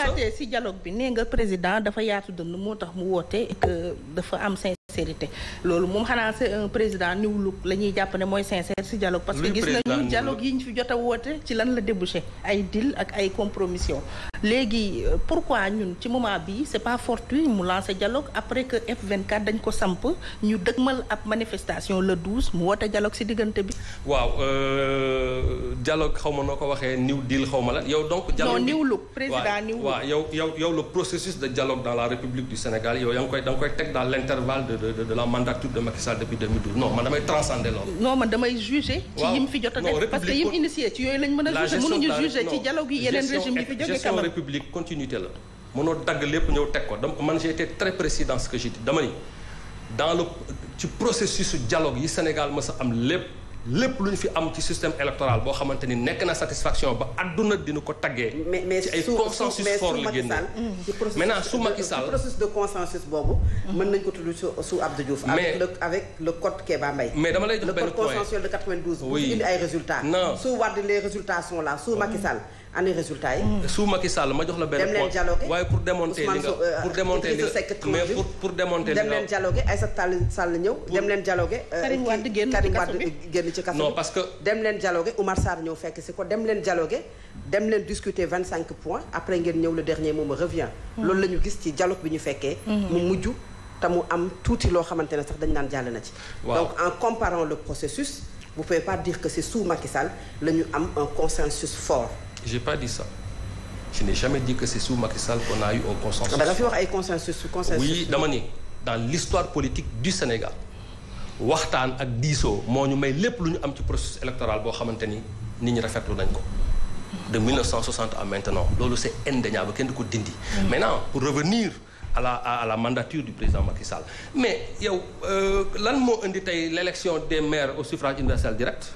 ñëwaatee si jaloog bi nee nga président dafa yaatu dënn moo tax mu wootee que dafa am sincérité loolu moom xanaa c'est président new look la ñuy jàpp ne mooy sincère ci dialogue parce que gis nañu dialogue yi ñu fi jot a woote ci lan la débouché ay deal ak ay compromission léegi euh, pourquoi ñun ci moment bi c'est pas fortuit mu lancé dialogue après que F24 dañ ko samp ñu dëgmal ab manifestation le 12 mu woote dialogue ci diggante bi waaw euh, dialogue xaw ma noo ko waxee new deal xaw ma la yow donc dialogue non new look président new look waaw yow yow yow le processus de dialogue dans la République du Sénégal yow yaa ngi de de la mandature de Macky Sall depuis 2012 non man damay transcender loolu. non man damay juger. ci yim fi jot a def parce que yim initié ci yooyu lañ mën a juger ci dialogue yi yeneen régime yi fi jóge gestion république continuité dagg lépp ñëw teg ko donc man j'ai été que j'ai dit dama ni ci processus dialogue yi Sénégal mës a am lépp. lépp lu ñu fi am ci système électoral boo xamante ni nekk na satisfaction ba àdduna dina ko taggee. ci mais consensus fort la génn mm. maintenant su Macky Sall processus de consensus boobu. mën nañ ko tudd su Abdou Diouf. avec le avec le code Kéba Mbaye. mais dama lay jox benn point le code consensuel de 92. oui indi ay résultats. non su Wade les résultats sont là su mm. Macky ani résultat yi. su Macky Sall ma jox la benn. dem leen dialogué waaye pour démonter li nga euh, pour démonter li nga mais leen dialogué Aïssata Tall ñëw. dem leen dialogué. Euh, Karim Wade génn ci kaso bi génn parce que. dem leen dialogué Oumar Sarr ñëw fekk si ko dem leen dialogué dem leen discuter 25 points après ngeen ñëw le dernier mot ma revient. Mm. loolu la ñu gis ci dialogue bi ñu fekkee. Mm-hmm. mu mujj te mu am tuuti loo xamante ne sax dañu naan jàll na ci. donc en comparant le processus vous pouvez pas dire que c'est sous Macky Sall ñu am un consensus fort. j'ai pas dit ça je n'ai jamais dit que c'est sous Macky Sall qu'on a consensus. da nga fi wax ay consensus consensus. oui dama ni dans l'histoire politique du Sénégal waxtaan ak diisoo moo ñu may lépp lu ñu am ci processus électoral boo xamante ni nit ñi rafetlu nañ ko. de 1960 à maintenant loolu c'est indéniable kenn du ko dindi. Mm. maintenant pour revenir à la à la mandature du président Macky mais yow euh, lan moo indi tey l'élection des maires au suffrage universel direct.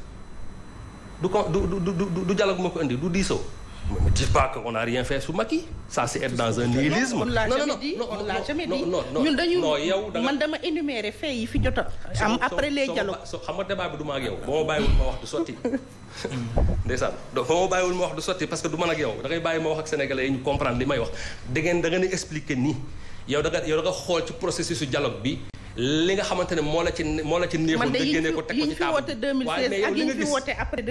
du ko du du du du dialogue moo ko indi du diisoo. ne me dis pas que on a rien fait su Macky ça c'est être dans un nihilisme. non non non on l'a jamais dit ñun dañu man dama énumérer fait yi fi jot a am après les dialogues. soo xam nga débat bi du ma ak yow. boo ma bàyyiwul ma wax du sotti. ndeysaan donc boo ma bàyyiwul ma wax du sotti parce que du man ak yow da ngay bàyyi ma wax ak sénégalais yi ñu comprendre li may wax da ngeen da ngeen expliquer nii yow da nga yow da nga xool ci processus su dialogue bi. li nga xamante ne moo la ci moo la ci néexoon nga génne ko teg ko ci table waaye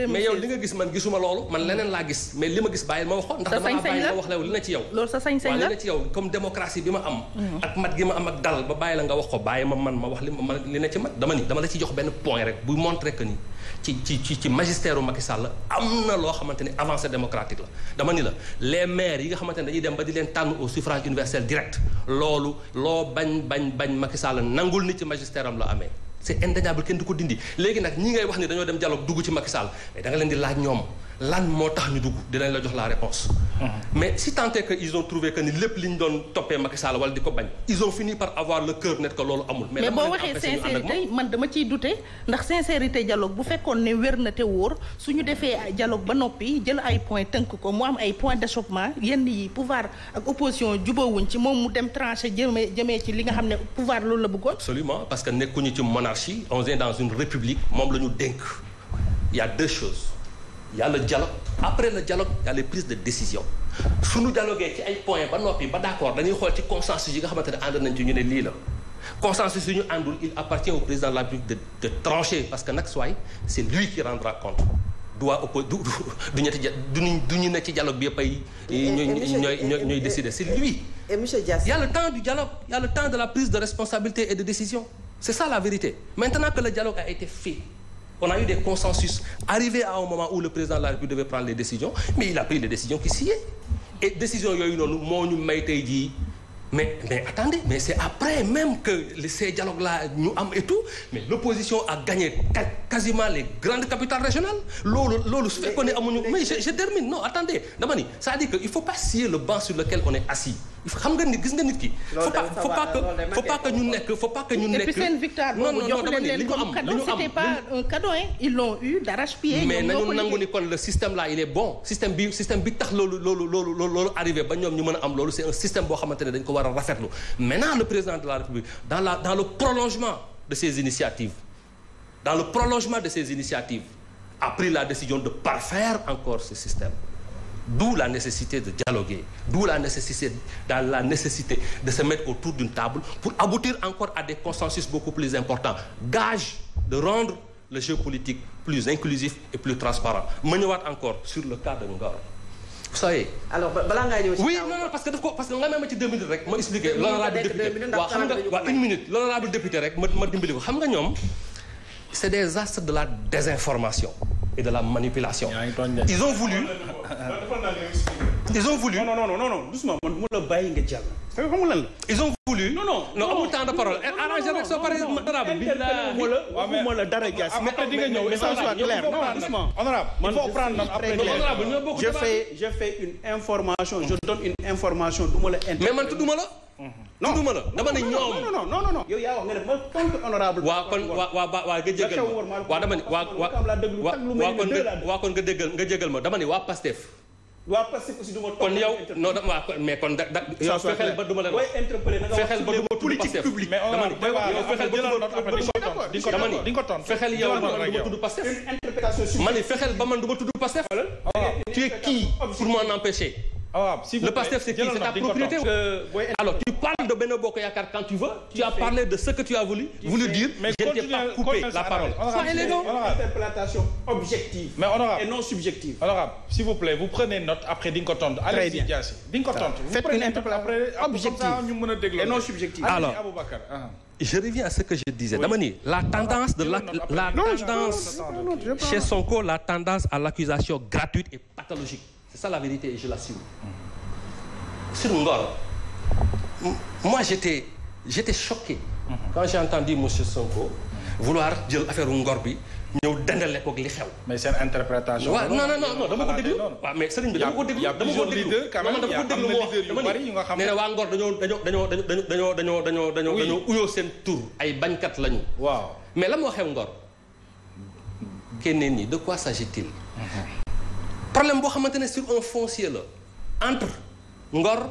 mais yow li nga gis li nga gis man gisuma loolu man leneen laa gis mais li ma gis bàyyil ma wax ko ndax dama bàyyi la wax la li na ci yow loolu sa sañ-sañ la comme démocratie bi ma am mhm. ak mat gi ma am ak dal ba bàyyi la nga wax ko bàyyi ma man ma wax li ma li na ci mat dama ni dama la ci jox benn point rek bu montrer que ni ci ci ci ci magistèru Macky Sall am na loo xamante avancé avancée démocratique la dama ni la les maires yi nga xamante ne dañuy dem ba di leen tànn au suffrage universel direct loolu loo bañ bañ bañ Macky Sall nangul ni ci magistère am la amee c'est indéniable kenn du ko dindi léegi nag ñi ngay wax ni dañoo dem dialogue dugg ci Macky danga leen di laaj ñoom lan moo tax ñu dugg dinañ la jox la réponse mm-hmm. mais si tant est que ils ont trouvé que ni lépp li ñu doon toppee Macky Sall wala di ko bañ ils ont fini par avoir le cœur loolu amul mais boo waxee sincérité man dama ciy douter ndax sincérité dialogue bu fekkoon ne wér na te wóor suñu defee dialogue ba noppi jël ay point tënk ko mu am ay point d'achoppement yenn yi pouvoir ak opposition ci moom mu dem tranché jëmee jëmee ci li nga xam ne pouvoir loolu la bëggoon absolument parce que nekkuñu ci monarchie on dans une république moom la ñu dénk il y a deux choses yàlla a dialogue après le dialogue y a les de décision su suñu dialogué ci ay points ba noppi ba d'accord dañuy xool ci consensus yi nga xamante ne ànd nañ ci ñu ne lii la consensus yi ñu àndul il appartient au président de la République de de trancher parce que nag soit c'est lui qui rendra compte du waa oppo ñu ne ci dialogue bi yëpp ay ñooy ñooy ñooy décider c'est lui et monsieur Dias y a le temps du dialogue y temps de la prise de responsabilité et de décision c'est ça la on a eu des consensus arrivé à un moment où le président de la République devait prendre les décisions mais il a pris les décisions qui sillaient et décision yooyu noonu moo ñu may tey jii mais mais attendez mais c'est après même que ces dialogues là ñu am et tout mais l'opposition a gagné tête quasiment les grandes capitales régionales loolu loolu su fekkoon ne amuñu mais je je termine non attendez dama ni c'est-à-dire que il faut pas scier le banc sur lequel on est assis xam nga nit gis nga nit ki. faut pas faut pas que faut pas que ñu nekk faut pas que ñu nekk. et puis seen victoire boobu jox leen leen comme cadeau c'était pas un cadeau hein ils l'ont eu d'arrache-pied. mais nañu nangu ni kon le système là il est bon système bi système bi tax loolu loolu loolu loolu arrivé ba ñoom ñu mën a am loolu c'est un système boo xamante ne dañ ko war a rafetlu maintenant le président de la République dans la dans le prolongement de ces initiatives. dans le prolongement de ces initiatives, a pris la décision de parfaire encore ce système. D'où la nécessité de dialoguer, d'où la nécessité, dans la nécessité de se mettre autour d'une table pour aboutir encore à des consensus beaucoup plus importants. Gage de rendre le jeu politique plus inclusif et plus transparent. ma ñëwaat encore sur le cas de Ngor. vous savez. nga may ma ci deux minutes rek ma expliqué. l'honorable député waaw xam nga waaw une minute l'honorable député rek ma c'est des astres de la désinformation et de la manipulation. ils ont voulu. ils ont voulu. non non non doucement man mu la bàyyi nga jàll. ils ont voulu. non non non amul temps de parole. arrangé rek soo paree honorable bi. waxuma la dara jaas. mais man faut prendre après je fais je fais une information je donne une information du ma mais man tudduma la. non duma la dama ne ñoom non kon waaw waaw waaw nga jégal ma waaw dama ne waaw waaw kon nga waaw waa kon mais kon da da. fexeel ba duma la wax fexeel ba fexeel ba man duma tudd Pastef ma ne duma tudd Ah, si le Pastef c'est c'est ta propriété euh, tu parles de Benno Bokk quand tu veux tu, as parlé de ce que tu as voulu tu voulu dire mais je ne t'ai coupé la parole sois élégant objective mais honorable et non subjective honorable s'il vous plaît vous prenez note après di nga ko tontu allez si Diassi di nga ko tontu vous prenez note alors ah, ah. je reviens à ce que je disais dama ni la tendance de la la tendance chez Sonko la tendance à l'accusation gratuite et pathologique C'est ça la vérité et je l'assume. Sur Ngor, moi j'étais j'étais choqué mm-hmm. quand j'ai entendu monsieur Sonko vouloir jël affaire Ngor bi ñëw dandale koog li xew. mais seen interprétation. waaw non non non dama ko déglu waaw mais sëriñ bi dama ko déglu. dama ko déglu waa Ngor dañoo dañoo dañoo dañoo dañoo dañoo dañoo dañoo seen tur ay bañkat lañu. mais la moo xew Ngor. keneen ñi de quoi sagit mm-hmm. problème boo xamante ne sur un foncier la entre Ngor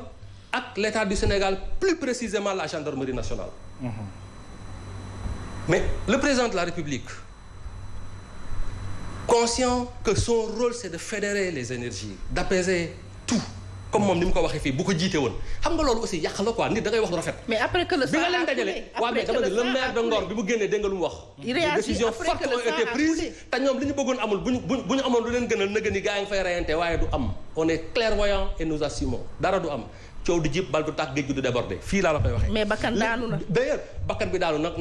ak l'État du Sénégal plus précisément la gendarmerie nationale. Mm-hmm. mais le président de la République conscient que son rôle c'est de fédérer les énergies d'apaiser comme moom ni mu ko waxee fii bu ko jiite woon xam nga loolu aussi yàq la quoi nit da ngay wax lu rafet. mais après que le sang mais bi nga la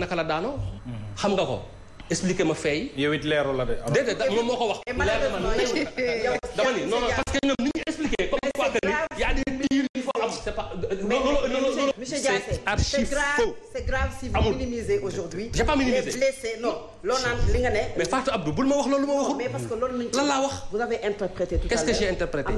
la daanoo. xam nga ko expliqué ma feey. yow it leeru la de. déedéet moom moo ko wax. leer na ma dama ni non non y a des dires yu fa am. c'est pas euh, euh, non non non monsieur c'est grave si vous minimisez aujourd'hui j'ai pas minimisé blessé non loolu naan li nga ne. mais Fatou Abdou bul ma wax loolu ma waxul. mais parce que loolu lan laa wax. vous avez interprété tout à l'heure qu'est-ce que j'ai interprété.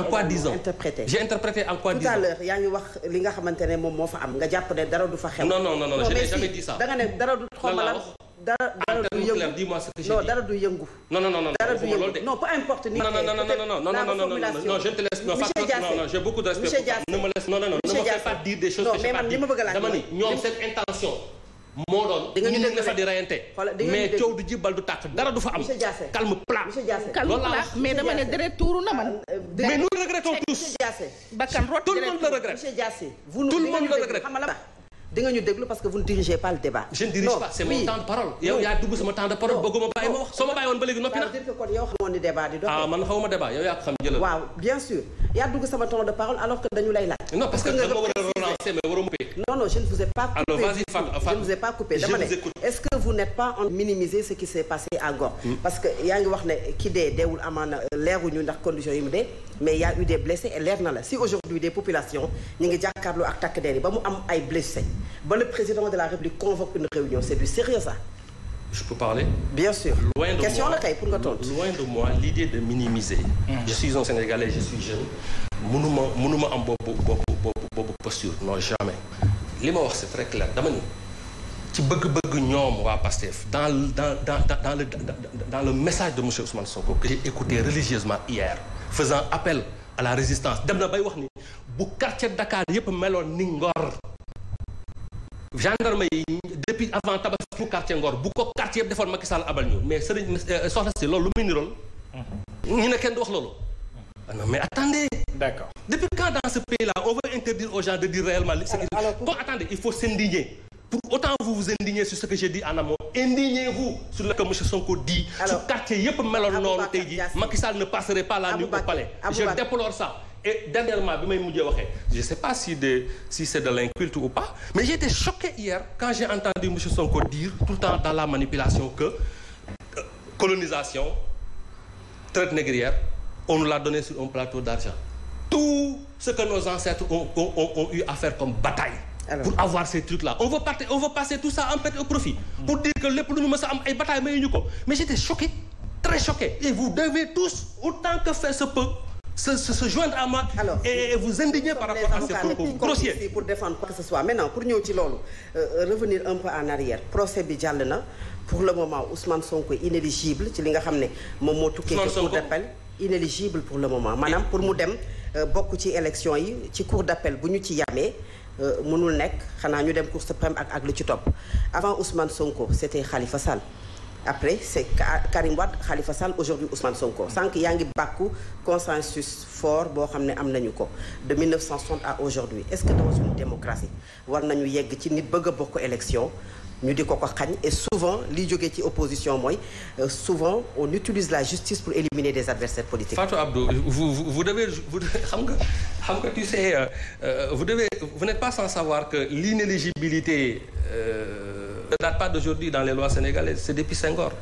en quoi disons tout à l'heure yaa ngi wax li nga xamante ne moom moo fa am nga jàpp ne dara du fa xew. non non non non je n'ai jamais dara du xaw ma dara dara du yëngu non dara du yëngu. non non non dara du yëngu non peu importe. non non non non non non non je te laisse non non j'ai beaucoup de respect ne me laisse non non non ne me fais pas dire des choses que je n'ai pas dit dama ni ñoom seen intention. moo doon ñu ne fa di reyante mais coow du jibbal du tàkk dara du fa am calme plat calme plat mais dama ne deret tuuru na man mais nous regrettons tous bakkan rot tout le monde le regrette tout le monde le regrette di nga ñu déglu parce que vous ne dirigez pas le débat. dirige non, pas c'est temps de parole. yow yaa dugg sama temps de parole bëgguma bàyyi ma wax soo ma bàyyi woon ba léegi noppi na. cest kon yow xamoon ni débat di dox. Ah, man xawma débat yow yaa xam jëlal. waaw bien sûr yaa dugg sama temps de parole alors que dañu lay laaj. non parce que dama war a relancer mais waroo coupé. non non hmm. parce que yaa ngi wax ne ki dee deewul amaana euh, leeruñu ndax condition yi mu dee mais na la si aujourd'hui des ngi jàkkaarloo ak takk ba le président de la République convoque une réunion c'est du sérieux ça. je peux parler. loin de question l'idée de minimiser. Mm. je suis un Sénégalais je suis jeune. mënuma mënuma am boobu boobu boobu boobu posture non jamais. li ma wax c'est très clair dama ci bëgg-bëgg ñoom waa PASTEF dans dans dans dans le dans le message de monsieur Ousmane Sonko que j'ai écouté religieusement hier faisant appel à la résistance dem na bay wax ni bu quartier Dakar yépp meloon ni Ngor. gendarme yi depuis avant tabaski pour quartier Ngor bu ko quartier yëpp defoon Macky abal ñu mais sëriñ euh, si loolu lu muy niroon. Mhm. ñu ne kenn du wax loolu. Mhm. Ah mais attendez. depuis quand dans ce on veut interdire aux gens de dire réellement. ce qu'ils il faut s'indigner pour autant vous vous sur ce que j'ai dit en amont vous sur le que monsieur Sonko dit. alors su quartier yëpp meloon noonu tey jii Macky ne passerait pas la nuit au palais. je et dernièrement bi may mujjee waxee je sais pas si de si c'est de l'inculte ou pas mais j'ai été choqué hier quand j'ai entendu monsieur Sonko dire tout le temps dans la manipulation que euh, colonisation traite négrière on nous l'a donné sur un plateau d'argent tout ce que nos ancêtres ont, eu à comme bataille pour avoir ces trucs-là on veut passer tout ça en fait au profit pour dire que lépp lu ñu mës am ay bataille mais j'étais choqué très choqué se se se joindre à moi. alors et vous indigner par rapport à ces propos grossiers pour défendre quoi que ce soit maintenant pour ñëw ci loolu euh, revenir un peu en arrière procès bi jàll na pour le moment Ousmane Sonko inéligible ci li nga xam ne moom moo tukkee ci cour d'appel inéligible pour le moment maanaam pour mu dem euh, bokk ci élection yi ci cour d'appel bu ñu ci yamee euh, mënul nekk xanaa ñu dem cour suprême ak ak lu ci topp avant Ousmane Sonko c'était Khalifa Sall après c'est Karim Wade Khalifa Sall aujourd'hui Ousmane Sonko sànq yaa ngi bàkku consensus fort boo xam ne am nañu ko de 1960 à aujourd'hui est-ce que dans une démocratie war nañu yegg ci nit bëgg a bokk élection ñu di ko ko xañ et souvent li jógee ci opposition mooy euh, souvent on utilise la justice pour éliminer des adversaires politiques. Fatou Abdou vous vous devez xam nga xam nga tu sais euh, euh, vous devez vous n'êtes pas sans savoir que l'inéligibilité ne date pas d'aujourd'hui dans les lois sénégalaises c'est depuis Senghor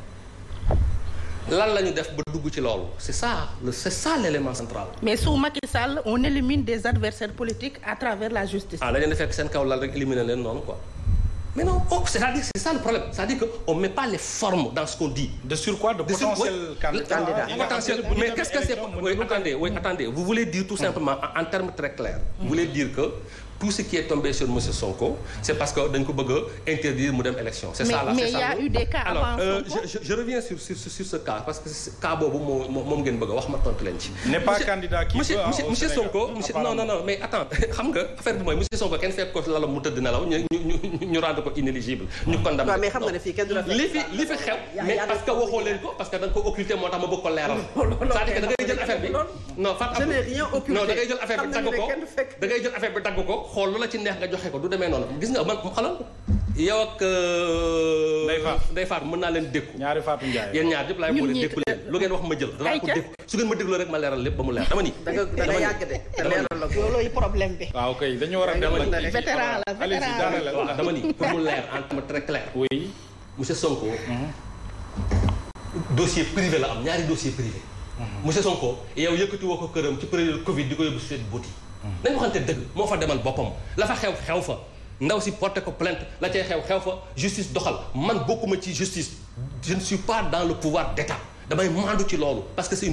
lan la def ba dugg ci loolu c'est ça c'est ça l'élément central. mais sous Macky Sall on élimine des adversaires politiques à travers la justice. ah dañu ne fekk seen kaw lal éliminer leen noonu mais non oh c'est-à-dire c'est ça le problème c'est-à-dire que on met pas les formes dans ce qu'on dit. de surcroît de potentiel candidat ah, potentiel mais mm. vous voulez dire tout simplement en tout ce qui est tombé sur monsieur Sonko. c'est parce que dañ ko bëgg interdire mu dem élection. c'est ça là c'est ça boobu moom ngeen bëgg a wax ma tontu leen ci. n'est pas candidat qui monsieur monsieur Sonko monsieur non non non mais attends xam nga affaire bi mooy monsieur Sonko kenn fekk ko lalam mu tëdd nelaw ñu ñu ko inéligible. ñu condamné waaw la li fi li fi xew. mais parce que waxoo leen ko parce que da ko occulté moo tax ma bëgg ko leeral. c'est-à-dire xool lu la ci neex nga joxe ko du demee noonu gis nga man xalal yow ak. Euh, Ndeye Fatou Ndeye Fatou mën naa leen dékku. ñaari Fatou Ndiaye yéen ñaar yëpp laay boole dékku leen lu ngeen wax ma jël. danaa ko dékku ma lépp ba mu leer dama ni. dama ni yàgg de te leeral la ko loolu problème bi. waaw kay la vétéran la waaw dama ni pour mu leer en terme très clair. oui monsieur Sonko. Mhm. dossier privé la am ñaari dossier privé. Mhm. monsieur Sonko yow yëkkati woo ko këram ci période Covid di ko yóbbu si seen nañ waxante dëgg moo fa demal boppam la fa xew xew fa ndaw si porté ko plainte la cay xew xew fa justice doxal man bokkuma ci justice je ne suis pas dans le pouvoir d'état damay maandu ci loolu parce que c'est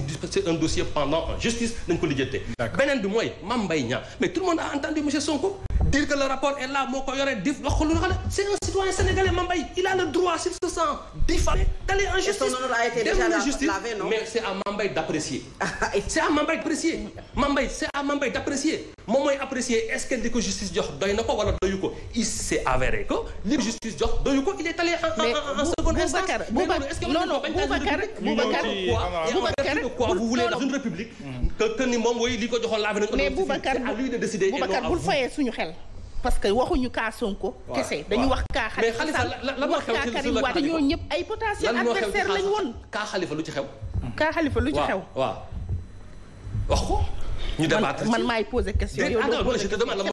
un dossier pendant en justice dañ ko lijjatee beneen bi mooy Mame mbay Niang mais tout le monde a entendu monsieur Sonko dire que le rapport est là moo ko yore dif wax ko lu nga xam ne c'est un citoyen sénégalais Mame Mbaye il a le droit s'il se sent diffamé d'aller en justice mais c'est à Mame d'apprécier c'est à Mame d'apprécier Mame c'est à Mame d'apprécier moom mooy apprécier est-ce que li ko justice jox doy na ko wala doyu ko il s'est avéré que li ko justice jox doyu ko il est allé en seconde instance mais non non Boubacar Boubacar mm. ni moom mooy li ko joxoon laabe nañ mais Boubacar à lui suñu xel parce que waxuñu kaa Sonko kese dañu wax kaa Khalifa wax kaa Karim Wade ñoo ñëpp ay potentiel adversaire lañ woon kaa Khalifa lu ci xew kaa wax ko ñu débattre man maay poser question. yow